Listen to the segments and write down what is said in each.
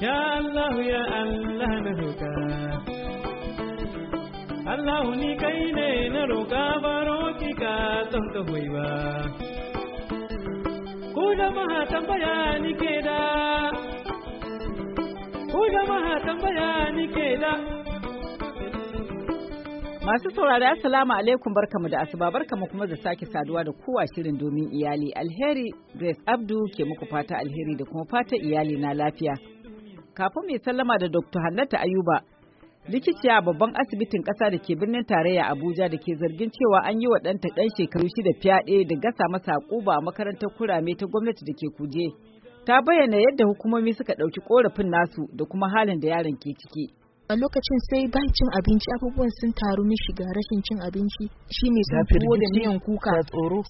Ya Allah ya Allah na roƙa Allah ni kai ne na roƙa baro ka ka goyi ba Ku jama'a tambaya ni ke da Ku jama'a tambaya ni ke da Masu saurari Assalamu alaikum barkamu da asuba barkamu kuma da sake saduwa da kowa shirin domin iyali alheri Grace Abdu ke muku fata alheri da kuma fata iyali na lafiya. kafin mai sallama da Dr. Hannatu Ayuba, likiciya a babban asibitin ƙasa da ke birnin tarayya Abuja da ke zargin cewa an yi wa ɗanta ɗan shekaru shida fyaɗe da gasa masa ƙuba a makarantar kurame ta gwamnati da ke kuje. Ta bayyana yadda hukumomi suka ɗauki ƙorafin nasu da kuma halin da yaron ke ciki. a lokacin sai ban cin abinci abubuwan sun taru mishi ga rashin cin abinci Shi ne sun tuwo da miyan kuka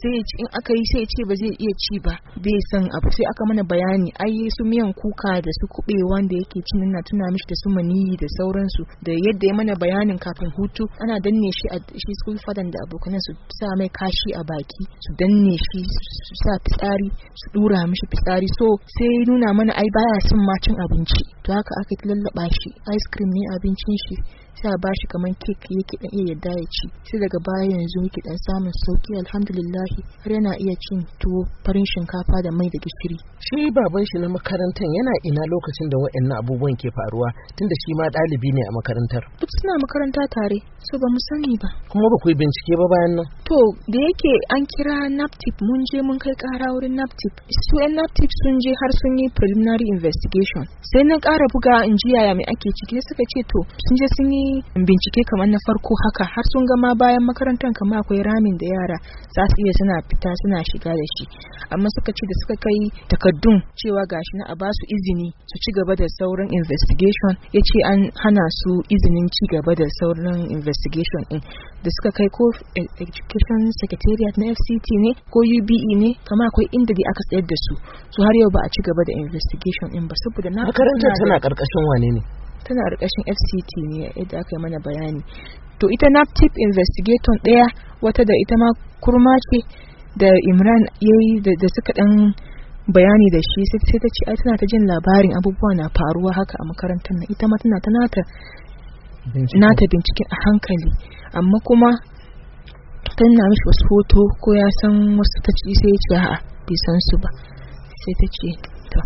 sai ya ci in aka yi sai ce ba zai iya ci ba bai san abu sai aka mana bayani ai su miyan kuka da su kube wanda yake cin na tuna mishi da su maniyi da sauransu da yadda ya mana bayanin kafin hutu ana danne shi a shi school fadan da abokanan su sa mai kashi a baki su danne shi su sa fitsari su dura mishi fitsari so sai nuna mana ai baya son ma cin abinci to haka aka lallaba shi ice cream ne abincin shi sai a bashi kamar kek yake dan iya yadda ya ci sai daga baya yanzu yake dan samun sauki alhamdulillah har yana iya cin tuwo farin shinkafa da mai da gishiri shi baban shi na makarantar yana ina lokacin da wa'annan abubuwan ke faruwa tunda shi ma ɗalibi ne a makarantar duk suna makaranta tare su ba mu sani ba kuma ba ku yi bincike ba bayan nan to da yake an kira naptip mun je mun kai kara wurin naptip su yan naptip sun je har sun yi preliminary investigation sai na kara buga in ji yaya mai ake ciki suka ce to sun je sun yi bincike kamar na farko haka har sun gama bayan makarantar kamar akwai ramin da yara za su iya suna fita suna shiga da shi amma suka ce da suka kai takaddun cewa gashi na a ba su izini su ci gaba da sauran investigation ya ce an hana su izinin ci gaba da sauran investigation investigation din eh, da suka kai ko education secretariat na fct ne ko ube ne kama akwai inda dai aka tsayar da su su har yau ba a ci gaba da investigation din ba saboda na makarantar tana karkashin wane ne tana karkashin fct ne yadda aka yi mana bayani to ita na tip investigator daya wata da ita ma kurma ce da imran ya da suka dan bayani da shi sai ta ce ai tana ta jin labarin abubuwa na faruwa haka a makarantar nan ita ma tana ta na ta bincike a hankali amma kuma tun na mishi wasu hoto ko ya san wasu ta ci sai ya ce a bai san su ba sai ta ce to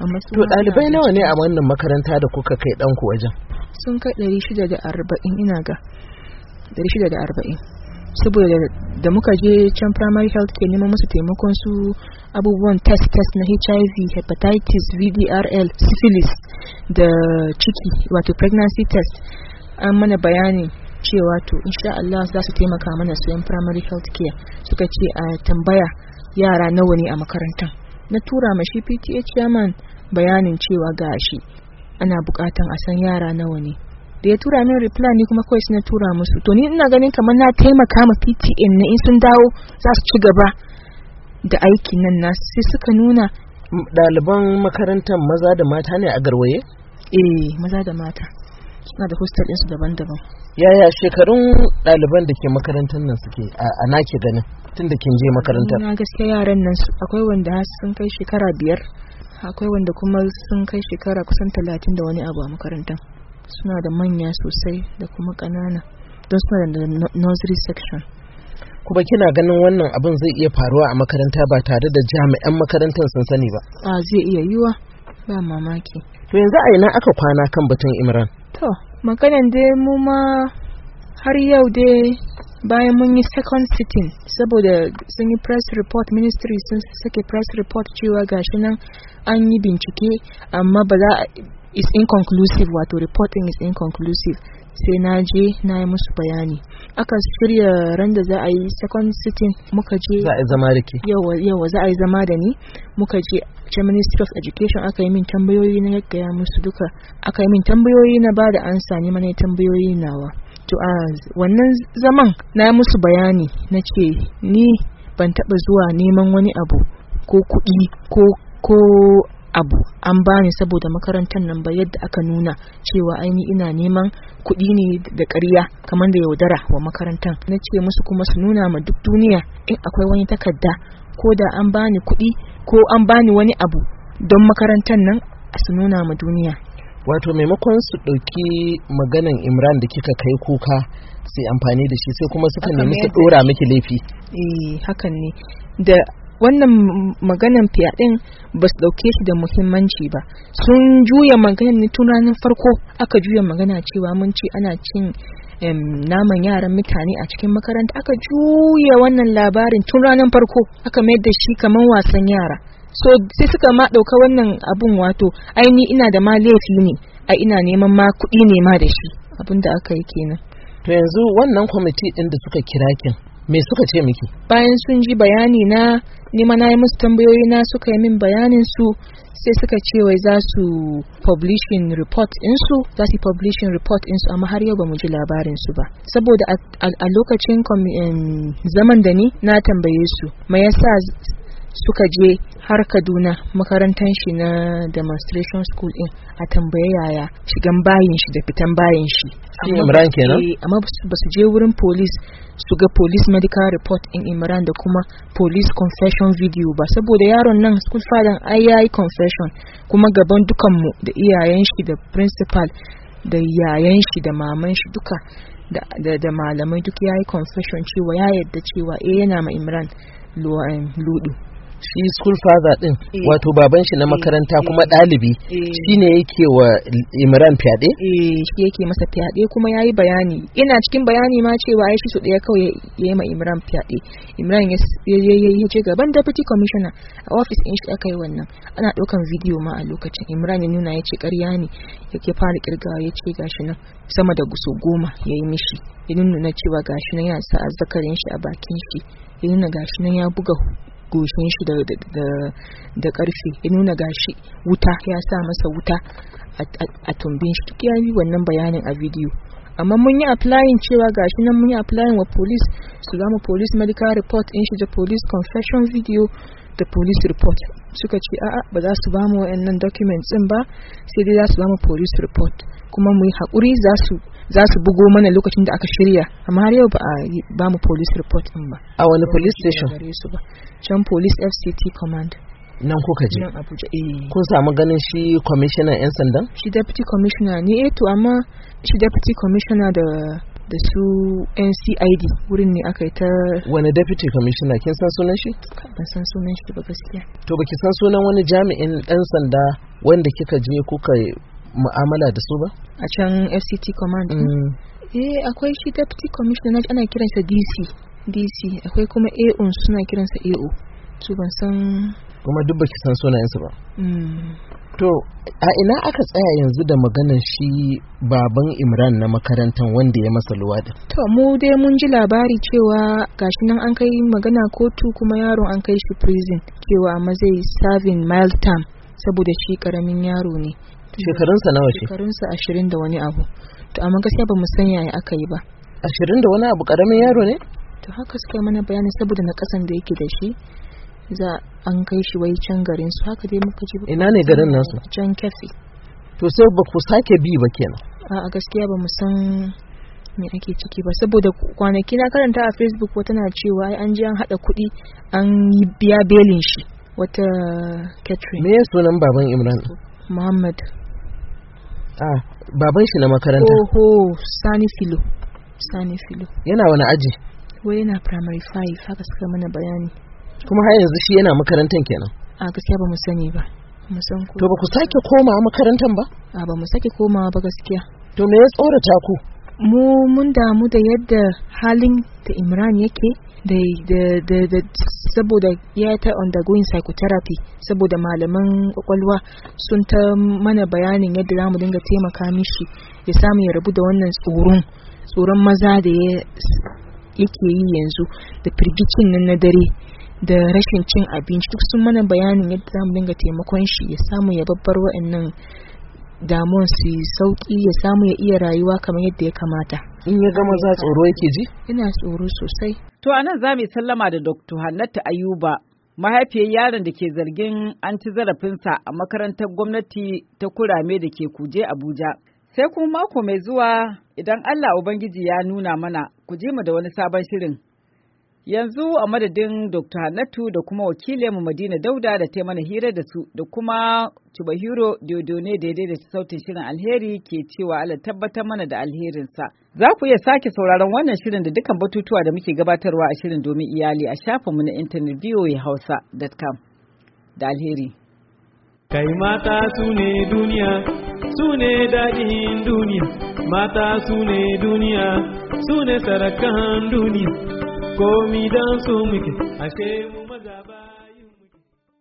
amma su ɗalibai nawa ne a wannan makaranta da kuka kai ɗanku wajen sun kai ɗari shida da arba'in ina ga ɗari shida da arba'in saboda da muka je can primary health ke neman musu taimakon su abubuwan test test na hiv hepatitis vdrl syphilis da ciki wato pregnancy test an mana bayani cewa to insha Allah za su taimaka mana sayan primary health care suka ce a tambaya yara nawa ne a makarantar na tura ma shi PTA chairman bayanin cewa gashi ana bukatan a san yara nawa ne da ya tura min reply ni kuma kawai na tura musu to ni ina ganin kamar na taimaka ma PTA na in sun dawo za su ci gaba da aikin nan na sai suka nuna ɗaliban makarantar maza da mata ne a garwaye eh maza da mata suna da hostel ɗinsu daban-daban yaya shekarun ɗaliban da ke makarantar nan suke a nake ganin tun da kin je makarantar na gaske yaran nan akwai wanda sun kai shekara biyar akwai wanda kuma sun kai shekara kusan talatin da wani abu a makarantar suna da manya sosai da kuma ƙanana don suna da nursery section kuma kina ganin wannan abin zai iya faruwa a makaranta ba tare da jami'an makarantar sun sani ba a zai iya yiwa ba mamaki to yanzu a ina aka kwana kan batun imran to maganan dai mu ma har yau dai bayan mun yi second sitting saboda sun yi press report ministry sun sake press report cewa gashi nan an yi bincike amma ba za is inconclusive wato reporting is inconclusive sai na je na yi musu bayani aka shirya randa da za a yi second sitting muka je za a yi zama da ke yawa za a yi zama da ni muka je ce ministry of education aka yi min tambayoyi na gaggaya musu duka aka yi min tambayoyi na ba da ansa ne mana tambayoyi nawa to a wannan zaman na yi musu bayani na ce ni ban taba zuwa neman wani abu ko kuɗi ko ko abu an bani saboda makarantar nan ba yadda aka nuna cewa aini ina neman kuɗi ne da ƙarya kamar da yaudara wa makarantar na ce musu kuma su nuna ma duk duniya in akwai wani takarda ko da an bani kuɗi ko an bani wani abu don makarantar nan su nuna ma duniya wato maimakon su ɗauki maganan imran da kika kai kuka sai amfani da shi sai kuma suka nemi su ɗora miki laifi eh hakan ne da wannan maganan fyaɗen ba su ɗauke shi da muhimmanci ba sun juya ne tun ranar farko aka juya magana cewa mun ce ana cin naman yaran mutane a cikin makaranta aka juya wannan labarin tun ranar farko aka mayar da shi kamar wasan yara so sai suka ma ɗauka wannan abun wato aini ina da ma laifi ne a ina neman ma kuɗi ne ma da shi abin da aka yi kenan to yanzu wannan kwamiti ɗin da suka kira kin me suka ce miki bayan sun ji bayani na nima na yi musu tambayoyi na suka yi min bayanin su sai suka ce wai za su publishing report in su za su publishing report in su amma har yau ba mu ji labarin su ba saboda a lokacin zaman da ni na tambaye su me yasa suka je har kaduna makarantar shi na demonstration school din a tambaye yaya shigan bayin shi da fitan bayin shi imran kenan amma ba su je wurin police su ga police medical report in imran da kuma police confession video ba saboda yaron nan school fadan ai yayi confession kuma gaban dukanmu da iyayen shi da principal da yayan shi da maman shi duka da, da, malamai duk yayi confession cewa ya yadda cewa eh yana ma imran ludu shi school father din eh. wato baban shi na eh. makaranta eh. kuma ɗalibi shine yake wa imran fyaɗe shi yake masa fyaɗe kuma yayi bayani ina cikin bayani ma cewa ya shi su ɗaya kawai yayi ma imran fyaɗe imran ya ce gaban deputy commissioner a office din shi aka yi wannan ana ɗaukan video ma a lokacin imran ya nuna ya ce ƙarya ne yake fara kirga ya ce gashi nan sama da guso goma yayi mishi ya nuna cewa gashi nan ya sa azzakarin shi a bakin shi ya nuna gashi nan ya buga goshin shi da karfe ya nuna gashi wuta ya sa masa wuta a tumbin shi ya yi wannan bayanin a bidiyo amma mun yi applyin cewa gashi nan mun yi applyin wa police su zama police medical report in shi da police confession video da police report suka ce a'a ba za su ba mu wayannan documents din ba sai dai za su ba mu police report kuma mu yi haƙuri za su za su bugo mana lokacin da aka shirya amma har yau ba a ba mu police report din ba a wani police station can police fct command nan kuka je nan abuja eh kun samu ganin shi commissioner yan sandan shi deputy commissioner ne eh to amma shi deputy commissioner da da su ncid wurin ne aka yi ta wani deputy commissioner kin san sunan shi ban san sunan shi ba gaskiya to baki san sunan wani jami'in dan sanda wanda kika je kuka mu'amala da su ba a can fct command mm. eh akwai shi deputy commissioner na ana kiransa dc dc akwai kuma AO suna kiransa AO to ban san kuma duk baki san su ba mm. to a ina aka tsaya yanzu da maganar shi baban imran na makarantar wanda ya masa luwaɗi to mu dai mun ji labari cewa gashi nan an kai magana kotu kuma yaron an kai shi prison cewa amma zai serving mild term saboda shi karamin yaro ne shekarunsa nawa shi shekarunsa ashirin da wani abu to amma gaskiya ba mu san yaya aka yi ba ashirin da wani abu karamin yaro ne to haka suka mana bayani saboda na kasan da yake da shi za an kai shi wai can garin su haka dai muka ji ina ne garin nasu can kefi to sai ba ku sake bi ba kenan a gaskiya ba mu san me ake ciki ba saboda kwanaki na karanta a facebook wata na cewa an ji an hada kuɗi an yi biya belin shi wata catherine me sunan baban imran muhammad a ah, baban shi na makaranta oho sani filo sani filo yana wani aji wai yana primary 5 haka suka mana bayani kuma har yanzu shi yana makarantar kenan a gaskiya ba mu sani ba mu san to ba ku sake komawa makarantar ba a ba mu sake komawa ba gaskiya to me ya tsorata ku mu mun damu da yadda halin da imran yake da da saboda ya ta undergoing psychotherapy saboda malaman kwakwalwa sun ta mana bayanin yadda za mu dinga taimaka mishi ya samu ya rabu da wannan tsoron tsoron maza da ya yake yi yanzu da firgicin nan na dare da rashin cin abinci duk sun mana bayanin yadda za mu dinga taimakon shi ya samu ya babbar wa'annan damuwan su sauki ya samu ya iya rayuwa kamar yadda ya kamata. In ya gama za tsoro yake ji? Ina tsoro sosai. To anan za mu sallama da Dr. Hannatu Ayuba, mahaifiyar yaron da ke zargin an ci zarafinsa a makarantar gwamnati ta kurame da ke kuje Abuja. Sai kuma mako mai zuwa idan Allah Ubangiji ya nuna mana ku je mu da wani sabon shirin. Yanzu a madadin Dr. Hannatu da kuma wakilinmu Madina Dauda da ta mana hira da su da kuma Tubahiro Diodone daidai da sautin shirin alheri ke cewa Allah tabbatar mana da alherinsa. Za ku iya sake sauraron wannan shirin da dukkan batutuwa da muke gabatarwa a shirin domin iyali a shafinmu na intanet voahausa.com da alheri. Kai mata su ne duniya, su ne daɗin duniya, mata su ne duniya, su ne sarakan duniya. komi dan su muke ashe mu maza